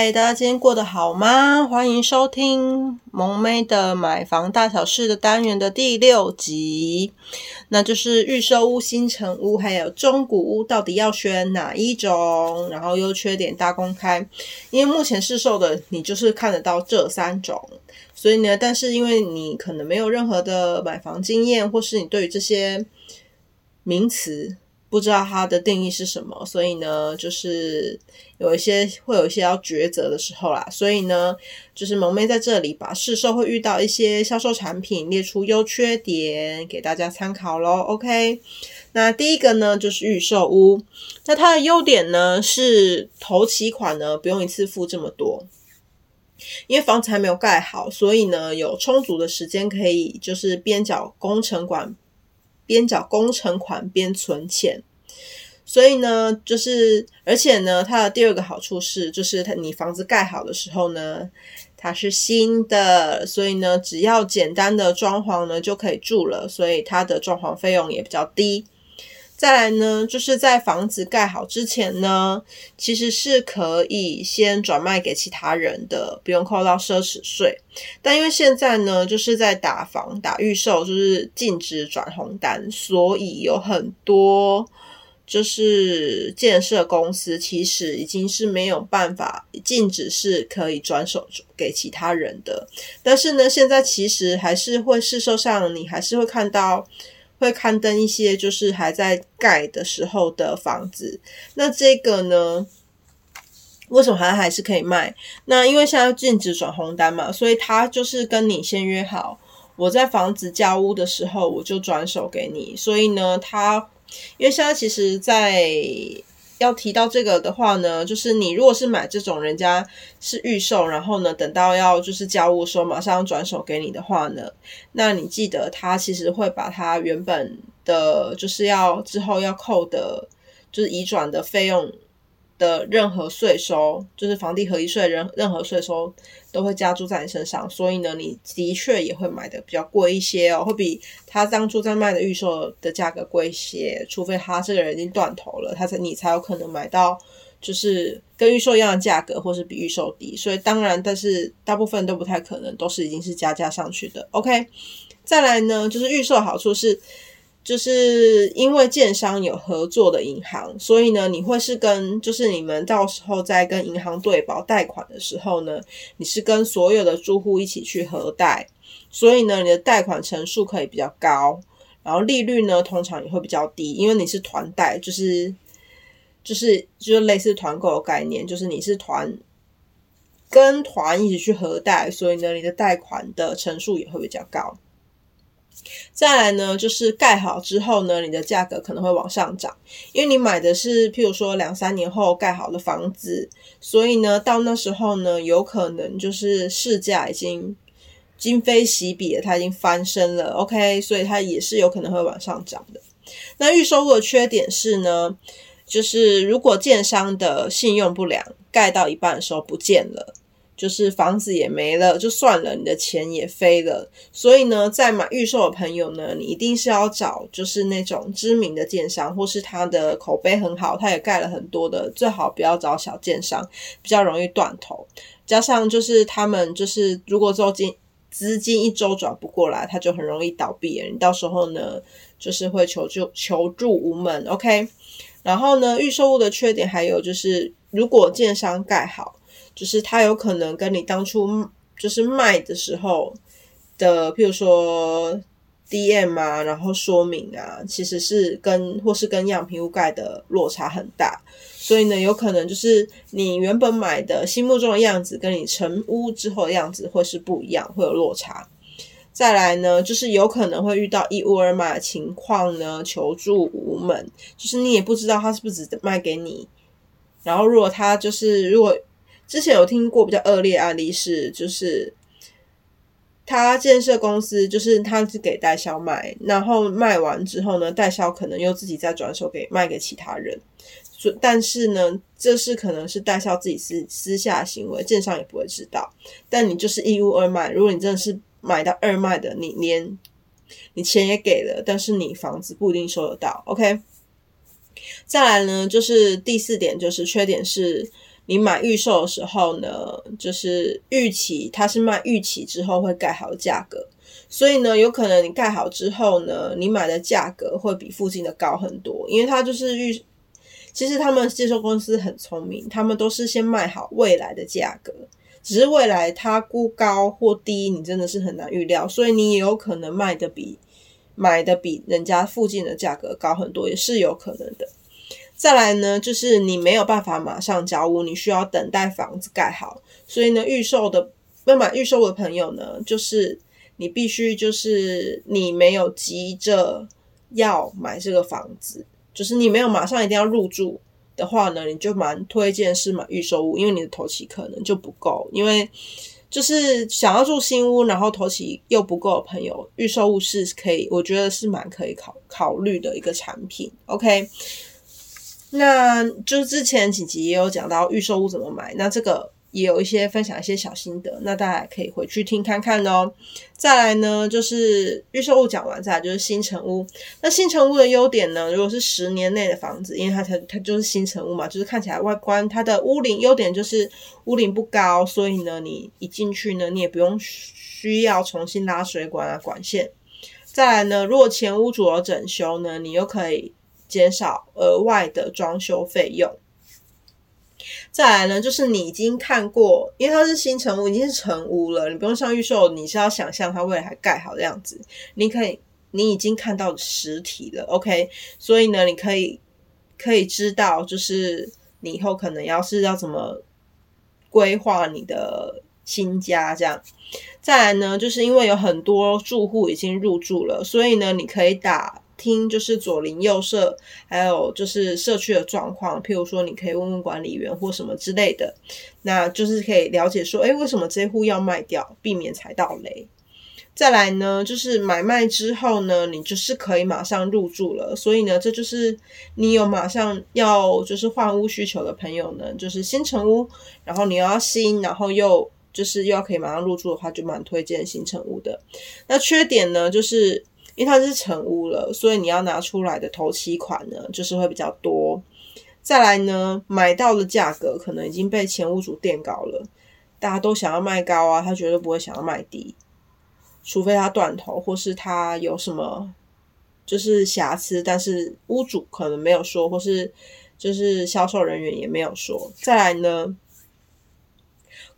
嗨，大家今天過得好嗎？歡迎收聽萌咩的買房大小事的單元的第六集，那就是預售屋、新成屋還有中古屋，到底要選哪一種？然後優缺點大公開。因為目前市售的，你就是看得到這三種，所以呢，但是因為你可能沒有任何的買房經驗，或是你對於這些名詞。不知道它的定義是什麼，所以呢，就是有一些會有一些要抉擇的時候啦。所以呢，就是萌咩在這裡把市售會遇到一些銷售產品列出優缺點給大家參考咯 OK，那第一個呢就是預售屋，那它的優點呢是頭期款呢不用一次付這麼多，因為房子還沒有蓋好，所以呢有充足的時間可以就是邊繳工程款邊繳工程款邊存錢，所以呢，就是而且呢，它的第二個好處是，就是它你房子蓋好的時候呢，它是新的，所以呢，只要簡單的裝潢呢就可以住了，所以它的裝潢費用也比較低。再來呢，就是在房子蓋好之前呢，其實是可以先轉賣給其他人的，不用扣到奢侈稅。但因為現在呢，就是在打房、打預售，就是禁止轉紅單，所以有很多就是建設公司其實已經是沒有辦法禁止，是可以轉手給其他人的。但是呢，現在其實還是會市售上，你還是會看到。會刊登一些就是還在蓋的時候的房子，那這個呢，為什麼還還是可以賣？那因為現在禁止轉紅單嘛，所以他就是跟你先約好，我在房子交屋的時候我就轉手給你，所以呢，他因為現在其實，在。要提到這個的話呢，就是你如果是買這種人家是預售，然後呢，等到要就是交屋的馬上轉手給你的話呢，那你記得他其實會把他原本的就是要之後要扣的，就是移轉的費用。的任何稅收，就是房地合一稅，任任何稅收都會加注在你身上，所以呢，你的確也會買的比較貴一些哦，會比他當初在賣的預售的價格貴一些，除非他這個人已經斷頭了，他才你才有可能買到就是跟預售一樣的價格，或是比預售低，所以當然，但是大部分都不太可能，都是已經是加價上去的。OK，再來呢，就是預售好處是，就是因為建商有合作的銀行，所以呢，你會是跟就是你們到時候在跟銀行對保貸款的時候呢，你是跟所有的住戶一起去合貸，所以呢，你的貸款成數可以比較高，然後利率呢通常也會比較低，因為你是團貸，就是就是就是類似團購的概念，就是你是團跟團一起去合貸，所以呢，你的貸款的成數也會比較高。再來呢，就是蓋好之後呢，你的價格可能會往上漲，因為你買的是譬如說兩三年後蓋好的房子，所以呢，到那時候呢，有可能就是市價已經今非昔比，它已經翻身了，OK，所以它也是有可能會往上漲的。那預售屋的缺點是呢，就是如果建商的信用不良，蓋到一半的時候不見了。就是房子也沒了，就算了，你的錢也飛了。所以呢，在買預售的朋友呢，你一定是要找就是那種知名的建商，或是他的口碑很好，他也蓋了很多的，最好不要找小建商，比較容易斷頭。加上就是他們就是如果周金資金一周轉不過來，他就很容易倒閉，你到時候呢就是會求救求助無門。OK，然後呢，預售屋的缺點還有就是如果建商蓋好。就是它有可能跟你當初就是賣的時候的，譬如說 D M 啊，然後說明啊，其實是跟或是跟樣品屋蓋的落差很大，所以呢，有可能就是你原本買的心目中的樣子跟你成屋之後的樣子會是不一樣，會有落差。再來呢，就是有可能會遇到一屋二賣的情況呢，求助無門，就是你也不知道他是不是只賣給你，然後如果他就是如果。之前有聽過比較惡劣案例是，就是他建設公司，就是他給代銷賣，然後賣完之後呢，代銷可能又自己再轉手給賣給其他人。所以，但是呢，這是可能是代銷自己私私下的行為，建商也不會知道。但你就是一屋二賣，如果你真的是買到二賣的，你連你錢也給了，但是你房子不一定收得到。OK，再來呢，就是第四點，就是缺點是。你買預售的時候呢，就是預期，它是賣預期之後會蓋好價格，所以呢，有可能你蓋好之後呢，你買的價格會比附近的高很多，因為它就是預，其實他們接收公司很聰明，他們都是先賣好未來的價格，只是未來它估高或低，你真的是很難預料，所以你也有可能賣的比，買的比人家附近的價格高很多，也是有可能的。再來呢，就是你沒有辦法馬上交屋，你需要等待房子蓋好。所以呢，預售的要買預售的朋友呢，就是你必須就是你沒有急着要買這個房子，就是你沒有馬上一定要入住的話呢，你就蠻推薦是買預售屋，因為你的頭期可能就不夠。因為就是想要住新屋，然後頭期又不夠的朋友，預售屋是可以，我覺得是蠻可以考考慮的一個產品。OK。那就是之前幾集也有講到預售屋怎麼買，那這個也有一些分享一些小心得，那大家可以回去聽看看哦。再來呢，就是預售屋講完，再來就是新成屋。那新成屋的優點呢，如果是十年內的房子，因為它才，它就是新成屋嘛，就是看起來外觀它的屋齡優點就是屋齡不高，所以呢，你一進去呢，你也不用需要重新拉水管啊管線。再來呢，如果前屋主有整修呢，你又可以。減少額外的裝修費用。再來呢，就是你已經看過，因為它是新成屋，已經是成屋了，你不用上預售，你是要想象它未來蓋好的樣子。你可以，你已經看到實體了，OK。所以呢，你可以可以知道，就是你以後可能要是要怎麼規劃你的新家這樣。再來呢，就是因為有很多住戶已經入住了，所以呢，你可以打。聽就是左鄰右舍，還有就是社區的狀況，譬如說你可以問問管理員或什麼之類的，那就是可以了解說，誒，為什麼這戶要賣掉，避免踩到雷。再來呢，就是買賣之後呢，你就是可以馬上入住了，所以呢，這就是你有馬上要就是換屋需求的朋友呢，就是新成屋，然後你要新，然後又就是又要可以馬上入住的話，就蠻推薦新成屋的。那缺點呢，就是。因為它是成屋了，所以你要拿出來的頭期款呢，就是會比較多。再來呢，買到的價格可能已經被前屋主墊高了，大家都想要賣高啊，他絕對不會想要賣低，除非他斷頭或是他有什麼就是瑕疵，但是屋主可能沒有說，或是就是銷售人員也沒有說。再來呢，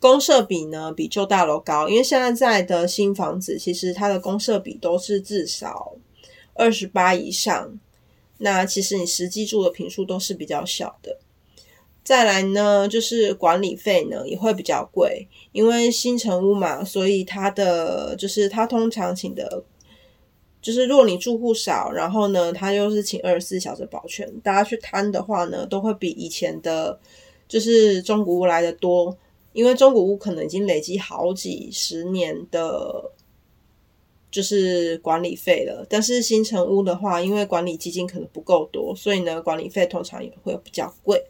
公設比呢，比舊大樓高，因為現在在的新房子其實它的公設比都是至少二十八以上，那其實你實際住的坪數都是比較小的。再來呢，就是管理費呢，也會比較貴，因為新成屋嘛，所以它的就是它通常請的，就是如果你住戶少，然後呢，它又是請二十四小時保全，大家去攤的話呢，都會比以前的，就是中古屋來的多。因為中古屋可能已經累積好幾十年的，就是管理費了。但是新成屋的話，因為管理基金可能不夠多，所以呢，管理費通常也會比較貴。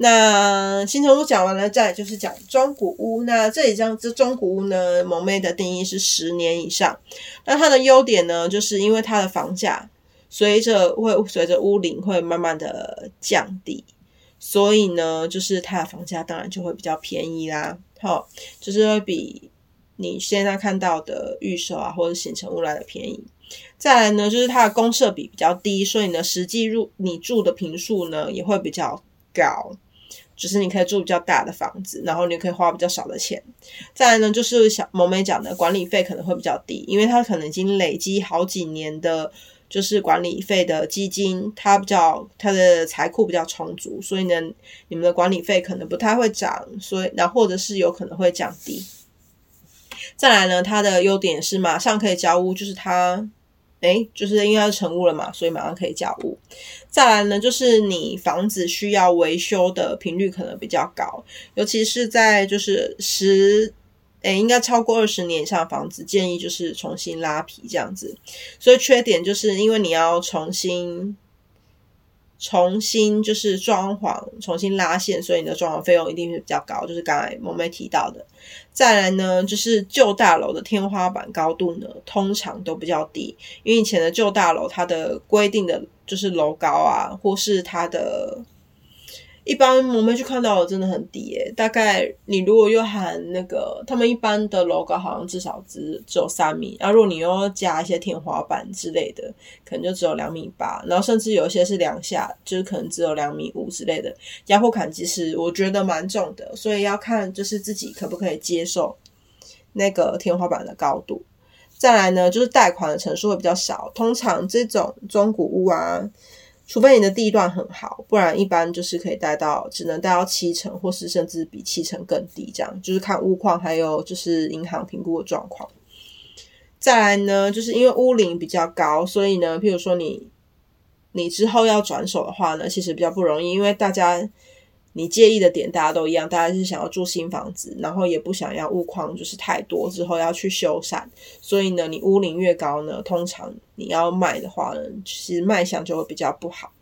那新成屋講完了，再來就是講中古屋。那這裡這樣子中古屋呢，萌咩的定義是十年以上。那它的優點呢，就是因為它的房價隨着會隨着屋齡會慢慢的降低。所以呢，就是它的房價當然就會比較便宜啦，好，就是會比你現在看到的預售啊或者新成屋來的便宜。再來呢，就是它的公設比比較低，所以呢，實際入你住的坪數呢，也會比較高，只、就是你可以住比較大的房子，然後你可以花比較少的錢。再來呢，就是小萌咩講的管理費可能會比較低，因為它可能已經累積好幾年的。就是管理費的基金，它比較它的財庫比較充足，所以呢，你們的管理費可能不太會漲，所以然後，或者是有可能會降低。再來呢，它的優點是馬上可以交屋，就是它，誒、欸、就是因為它是成屋了嘛，所以馬上可以交屋。再來呢，就是你房子需要維修的頻率可能比較高，尤其是在就是十。哎、欸，應該超過二十年以上的房子，建議就是重新拉皮這樣子。所以缺點就是因為你要重新，重新就是裝潢、重新拉線，所以你的裝潢費用一定是比較高。就是剛才萌咩提到的。再來呢，就是舊大樓的天花板高度呢，通常都比較低，因為以前的舊大樓它的規定的就是樓高啊，或是它的。一般我們去看到的真的很低，誒、欸，大概你如果又喊那個，他們一般的樓高好像至少只只有三米，然後，啊，如果你又要加一些天花板之類的，可能就只有兩米八，然後甚至有一些是兩下，就是可能只有兩米五之類的，壓迫感其實我覺得蠻重的，所以要看就是自己可不可以接受那個天花板的高度。再來呢，就是貸款的成數會比較少，通常這種中古屋啊。除非你的地段很好，不然一般就是可以貸到，只能貸到七成，或是甚至比七成更低，這樣就是看屋況，還有就是銀行評估的狀況。再來呢，就是因為屋齡比較高，所以呢，譬如說你你之後要轉手的話呢，其實比較不容易，因為大家。你介意的點大家都一樣，大家是想要住新房子，然後也不想要屋況，就是太多之後要去修繕。所以呢，你屋齡越高呢，通常你要賣的話呢，其實賣相就會比較不好。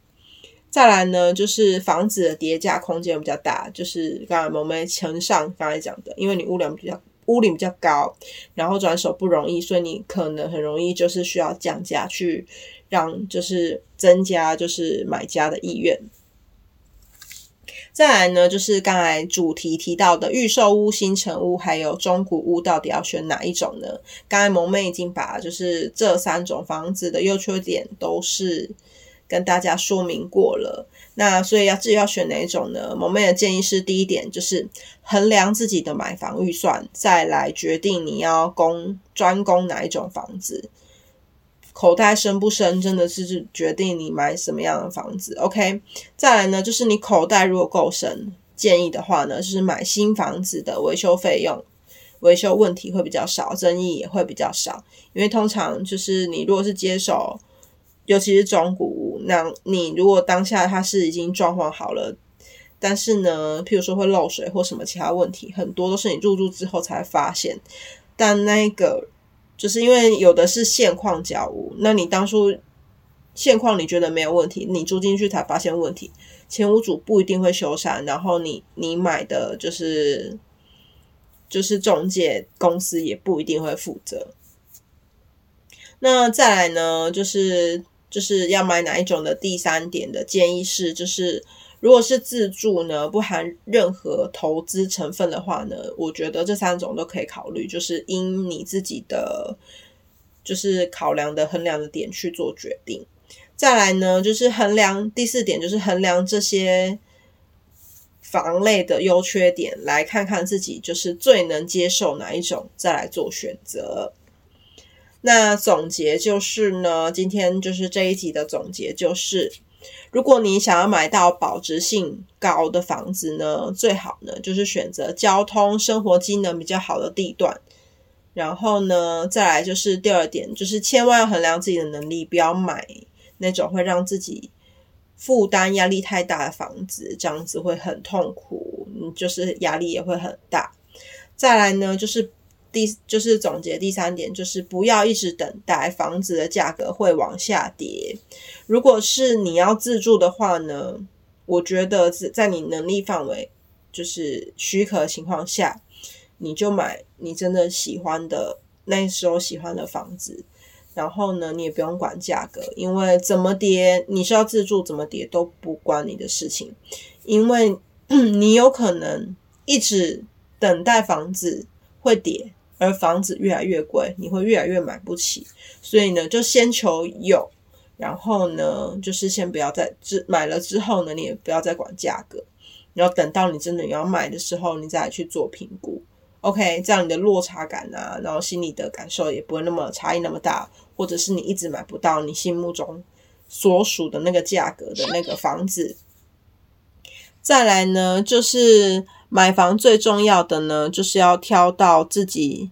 再來呢，就是房子的跌價空間比較大，就是剛才我們承上，剛才講的，因為你屋齡比較屋齡比較高，然後轉手不容易，所以你可能很容易就是需要降價去讓就是增加就是買家的意願。再來呢，就是剛才主題提到的預售屋、新成屋，還有中古屋，到底要選哪一種呢？剛才萌咩已經把就是這三種房子的優缺點都是跟大家說明過了。那所以要至於要選哪一種呢？萌咩的建議是：第一點就是衡量自己的買房預算，再來決定你要供專攻哪一種房子。口袋深不深，真的是決定你買什麼樣的房子。OK，再來呢，就是你口袋如果夠深，建議的話呢，就是買新房子的維修費用、維修問題會比較少，爭議也會比較少。因為通常就是你如果是接手，尤其是中古屋，那你如果當下它是已經裝潢好了，但是呢，譬如說會漏水或什麼其他問題，很多都是你入住之後才發現。但那個。就是因為有的是現況交屋，那你當初現況你覺得沒有問題，你住進去才發現問題，前屋主不一定會修繕，然後你你買的就是就是仲介公司也不一定會負責。那再來呢，就是就是要買哪一種的第三點的建議是，就是。如果是自住呢，不含任何投資成分的話呢，我覺得這三種都可以考慮，就是因你自己的就是考量、的衡量的點去做決定。再來呢，就是衡量，第四點就是衡量這些房類的優缺點，來看看自己就是最能接受哪一種，再來做選擇。那總結就是呢，今天就是這一集的總結就是。如果你想要買到保值性高的房子呢，最好呢就是選擇交通、生活機能比較好的地段。然後呢，再來就是第二點，就是千萬要衡量自己的能力，不要買那種會讓自己負擔壓力太大的房子，這樣子會很痛苦，嗯，就是壓力也會很大。再來呢，就是。第，就是總結第三點，就是不要一直等待房子的價格會往下跌。如果是你要自住的話呢，我覺得在你能力範圍就是許可情況下，你就買你真的喜歡的那時候喜歡的房子。然後呢，你也不用管價格，因為怎麼跌你是要自住，怎麼跌都不關你的事情。因為你有可能一直等待房子會跌。而房子越來越貴，你會越來越買不起，所以呢，就先求有，然後呢，就是先不要再買了之後呢，你也不要再管價格，然後等到你真的你要買的時候，你再去做評估，OK，這樣你的落差感啊，然後心裡的感受也不會那麼差異那麼大，或者是你一直買不到你心目中所屬的那個價格的那個房子，再來呢，就是。買房最重要的呢，就是要挑到自己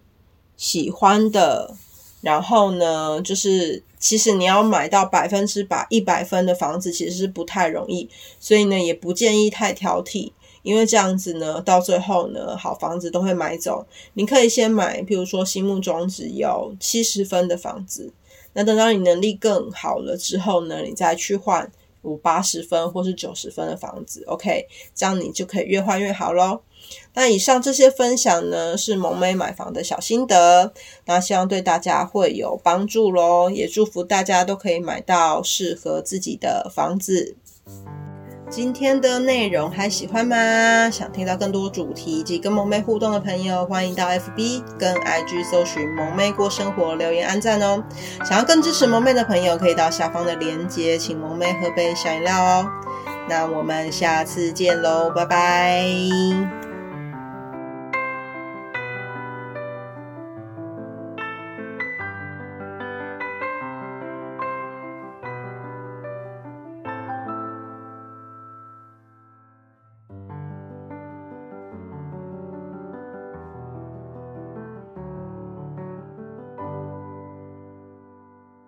喜歡的。然後呢，就是其實你要買到百分之百一百分的房子，其實是不太容易。所以呢，也不建議太挑剔，因為這樣子呢，到最後呢，好房子都會買走。你可以先買，比如說心目中只有七十分的房子，那等到你能力更好了之後呢，你再去換。五八十分或是九十分的房子，OK，這樣你就可以越換越好咯。那以上這些分享呢，是萌咩買房的小心得，那希望對大家會有幫助咯，也祝福大家都可以買到適合自己的房子。今天的內容還喜歡嗎？想聽到更多主題以及跟萌咩互動的朋友，歡迎到 FB 跟 IG 搜尋“萌咩過生活”留言按贊哦、喔。想要更支持萌咩的朋友，可以到下方的鏈接，請萌咩喝杯小飲料哦、喔。那我們下次見嘍，拜拜。